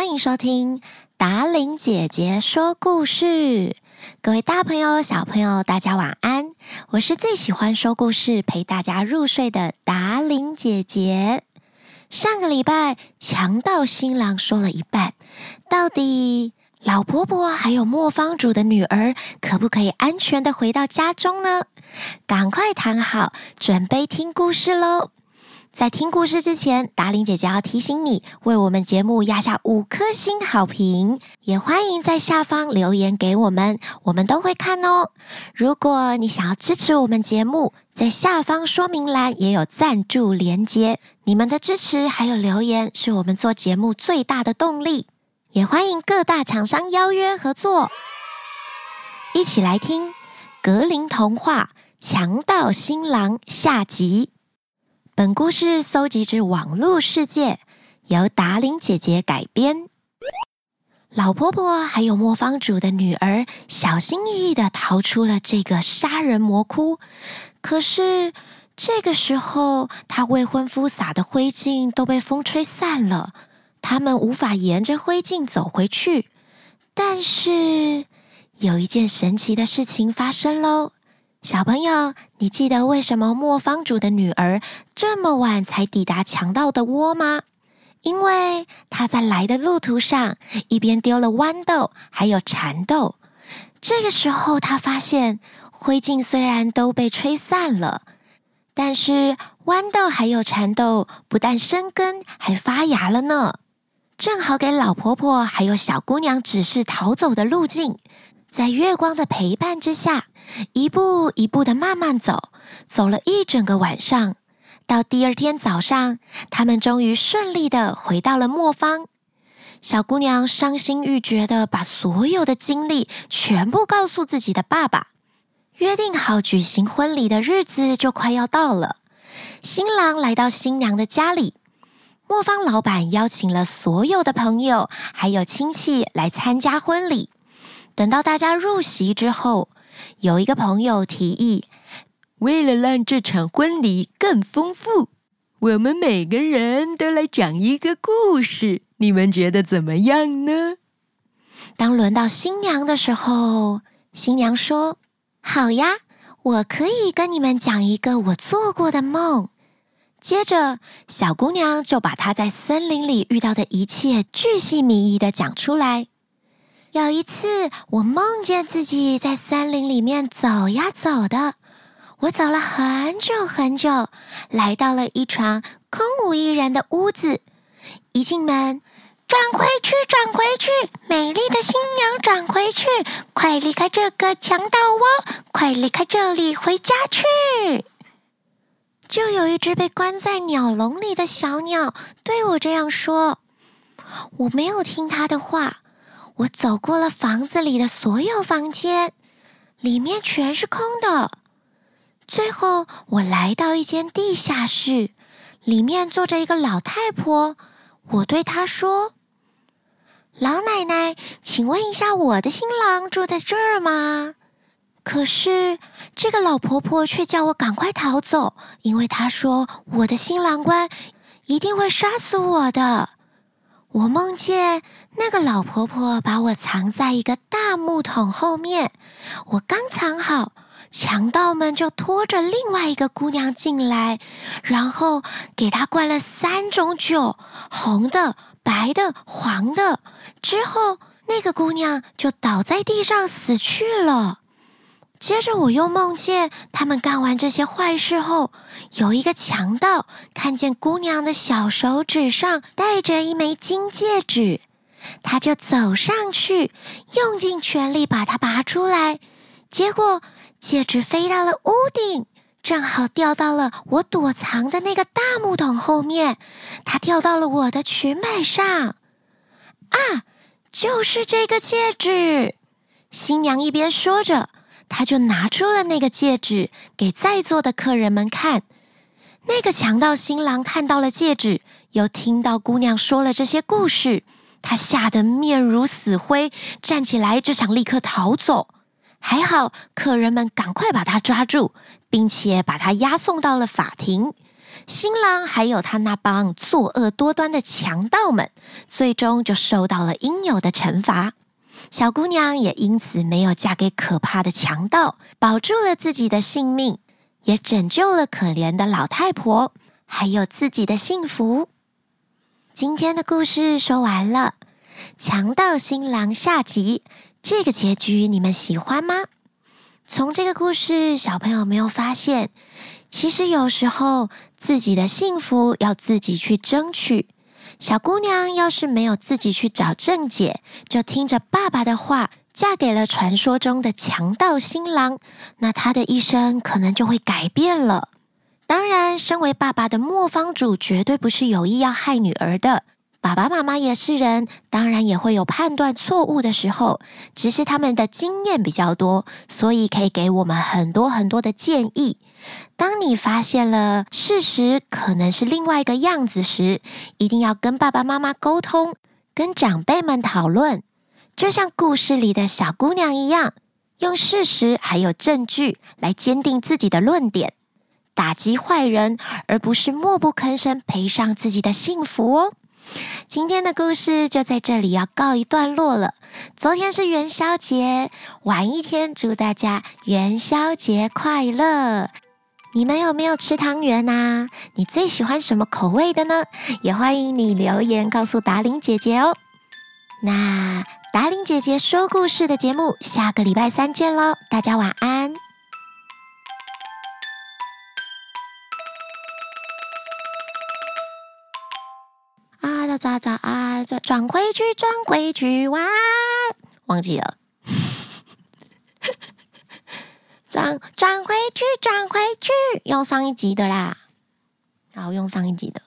歡迎收聽達伶姐姐說故事，各位大朋友、小朋友，大家晚安！我是最喜歡說故事、陪大家入睡的達伶姐姐。上個禮拜，強盜新郎說了一半，到底老婆婆還有磨坊主的女兒可不可以安全的回到家中呢？趕快躺好，準備聽故事嘍！在聽故事之前，達伶姐姐要提醒你，為我們節目壓下五顆星好評，也歡迎在下方留言給我們，我們都會看哦。如果你想要支持我們節目，在下方說明欄也有贊助連結。你們的支持還有留言，是我們做節目最大的動力。也歡迎各大廠商邀約合作，一起來聽《格林童話：強盜新郎》下集。本故事蒐集自網絡世界，由達伶姐姐改編。老婆婆還有磨坊主的女兒小心翼翼地逃出了這個殺人魔窟，可是這個時候，她未婚夫撒的灰燼都被風吹散了，他們無法沿着灰燼走回去。但是，有一件神奇的事情發生嘍。小朋友，你記得為什麼磨坊主的女兒這麼晚才抵達強盜的窩嗎？因為她在來的路途上，一邊丟了豌豆，還有蠶豆。這個時候，她發現灰燼雖然都被吹散了，但是豌豆還有蠶豆不但生根，還發芽了呢。正好給老婆婆還有小姑娘指示逃走的路徑，在月光的陪伴之下。一步一步的慢慢走，走了一整個晚上，到第二天早上，他們終於順利的回到了磨坊。小姑娘傷心欲絕的把所有的經歷全部告訴自己的爸爸。約定好舉行婚禮的日子就快要到了，新郎來到新娘的家裡，磨坊老闆邀請了所有的朋友還有親戚來參加婚禮。等到大家入席之後。有一個朋友提議，為了讓這場婚禮更豐富，我們每個人都來講一個故事。你們覺得怎麼樣呢？當輪到新娘的時候，新娘說：“好呀，我可以跟你們講一個我做過的夢。”接着，小姑娘就把她在森林裡遇到的一切，巨細靡遺的講出來。有一次，我夢見自己在森林裡面走呀走的，我走了很久很久，來到了一幢空無一人的屋子。一進門，轉回去，轉回去，美麗的新娘，轉回去，快離開這個強盜窩，快離開這裡，回家去。就有一只被關在鳥籠裡的小鳥對我這樣說，我沒有聽它的話。我走過了房子裡的所有房間，裡面全是空的。最後，我來到一間地下室，裡面坐着一個老太婆。我對她說：“老奶奶，請問一下，我的新郎住在這兒嗎？”可是，這個老婆婆卻叫我趕快逃走，因為她說我的新郎官一定會殺死我的。我夢見那個老婆婆把我藏在一個大木桶後面，我剛藏好，強盜們就拖着另外一個姑娘進來，然後給她灌了三種酒，紅的、白的、黃的，之後那個姑娘就倒在地上死去了。接着，我又夢見他們幹完這些壞事後，有一個強盜看見姑娘的小手指上戴着一枚金戒指，他就走上去，用盡全力把它拔出來。結果戒指飛到了屋頂，正好掉到了我躲藏的那個大木桶後面。它掉到了我的裙擺上，啊，就是這個戒指！新娘一邊說着。他就拿出了那個戒指，給在座的客人們看。那個強盜新郎看到了戒指，又聽到姑娘說了這些故事，他嚇得面如死灰，站起來就想立刻逃走。還好客人們趕快把他抓住，並且把他押送到了法庭。新郎還有他那幫作惡多端的強盜們，最終就受到了應有的懲罰。小姑娘也因此沒有嫁給可怕的強盜，保住了自己的性命，也拯救了可憐的老太婆，還有自己的幸福。今天的故事說完了，強盜新郎下集，這個結局你們喜歡嗎？從這個故事，小朋友沒有發現，其實有時候自己的幸福要自己去爭取。小姑娘要是沒有自己去找正解，就聽着爸爸的話嫁給了傳說中的強盜新郎，那她的一生可能就會改變了。當然，身為爸爸的磨坊主絕對不是有意要害女兒的。爸爸媽媽也是人，當然也會有判斷錯誤的時候。只是他們的經驗比較多，所以可以給我們很多很多的建議。當你發現了事實可能是另外一個樣子時，一定要跟爸爸媽媽溝通，跟長輩們討論。就像故事裡的小姑娘一樣，用事實還有證據來堅定自己的論點，打擊壞人，而不是默不吭聲，賠上自己的幸福哦。今天的故事就在這裡要告一段落了。昨天是元宵節，晚一天，祝大家元宵節快樂！你們有沒有吃湯圓吶、啊？你最喜歡什麼口味的呢？也歡迎你留言告訴達伶姐姐哦。那達伶姐姐說故事的節目，下個禮拜三見嘍！大家晚安。咋咋咋啊！轉轉回去，轉回去，完，忘記了。 轉轉回去，轉回去，用上一集的啦。好，用上一集的。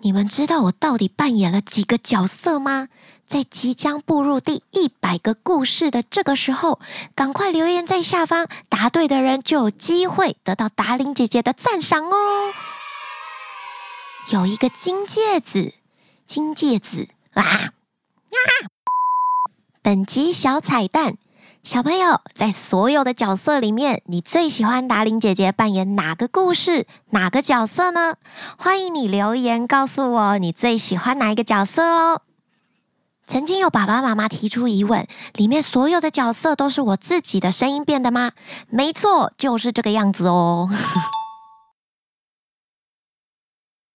你們知道我到底扮演了幾個角色嗎？在即將步入第一百個故事的這個時候，趕快留言在下方，答對的人就有機會得到達伶姐姐的讚賞哦。有一個金戒指。金戒指哇！啊啊、本集小彩蛋，小朋友，在所有的角色裡面，你最喜歡達伶姐姐扮演哪個故事、哪個角色呢？歡迎你留言告訴我你最喜歡哪一個角色哦。曾經有爸爸媽媽提出疑問：裡面所有的角色都是我自己的聲音變的嗎？沒錯，就是這個樣子哦。